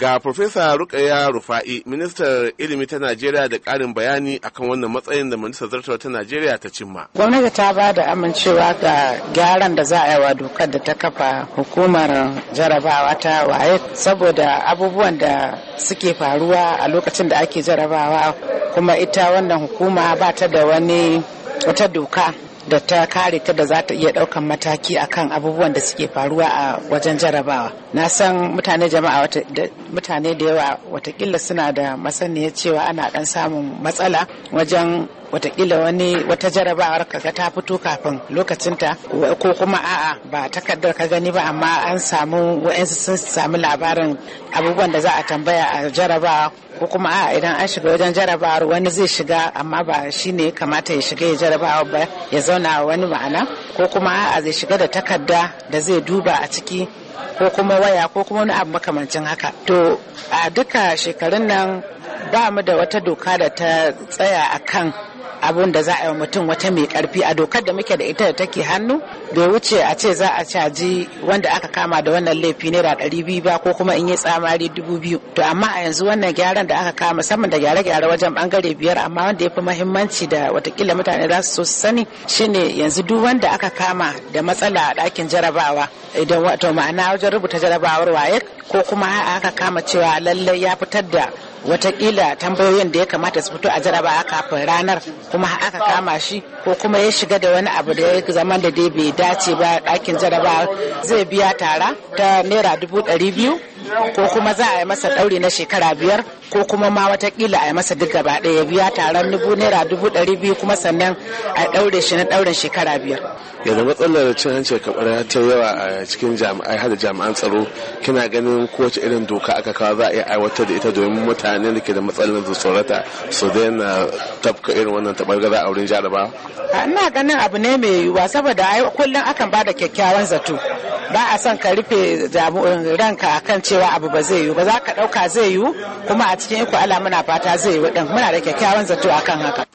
Ga Profesa Rukaya Rufa'i, Ministar Ilimi ta Najeriya da ƙarin bayani akan wannan matsayin da Majalisar Zartawa ta Najeriya ta cimma. Gwamnati ta ba da amincewa ga gyaran da za a yi wa dokar da ta kafa hukumar jarabawa ta waye saboda abubuwan da suke faruwa a lokacin da ake jarabawa kuma ita wannan hukuma ba ta da wani wata doka da ta kare ta da za ta iya daukan mataki akan abubuwan da suke faruwa a wajen jarabawa na san mutane jama'a mutane da yawa watakila suna da masaniya cewa ana dan samun matsala wajen watakila wani wata jarabawar ka ga ta fito kafin lokacinta ko kuma a'a ba takardar ka gani ba amma an samu wa'ansu sun samu labarin abubuwan da za a tambaya a jarabawa ko kuma a'a idan an shiga wajen jarabawar wani zai shiga amma ba shi ne kamata ya shiga ya jarabawa ba ya zauna wani ma'ana ko kuma a'a zai shiga da takarda da zai duba a ciki ko kuma waya ko kuma wani abu makamancin haka to a duka shekarun nan ba mu da wata doka da ta tsaya a kan. abun da za a yi mutum wata mai karfi a dokar da muke da ita da take hannu bai wuce a ce za a caji wanda aka kama da wannan laifi naira ɗari biyu ba ko kuma in yi tsamari dubu biyu to amma a yanzu wannan gyaran da aka kama musamman da gyare-gyare wajen bangare biyar amma wanda ya fi mahimmanci da watakila mutane za su sani shine yanzu duk wanda aka kama da matsala a ɗakin jarabawa idan wato ma'ana wajen rubuta jarabawar waye ko kuma aka kama cewa lallai ya fitar da watakila tambayoyin da ya kamata su fito a jaraba a kafin ranar kuma aka kama shi ko kuma ya shiga da wani abu da ya zama da dai bai dace ba ɗakin jaraba zai biya tara ta naira dubu ɗari biyu ko kuma za a yi masa ɗauri na shekara biyar ko kuma ma watakila a yi masa duk gaba ɗaya biya taron dubu naira dubu ɗari biyu kuma sannan a ɗaure shi na ɗaurin shekara biyar. yanzu matsalar cin hanci ya ta yawa a cikin jami'ai hada jami'an tsaro kina ganin kowace irin doka aka kawo za a iya aiwatar da ita domin mutane da ke da matsalar su tsorata su daina tafka irin wannan taɓargaza a wurin jarabawa. ina ganin abu ne mai yiwuwa saboda kullum akan ba da kyakkyawan zato ba a son ka rufe ranka a kan cewa abu ba zai yiwu ba za ka ɗauka zai yiwu kuma a cikin iko ala muna fata zai yiwu din muna da kyakkyawan zato akan haka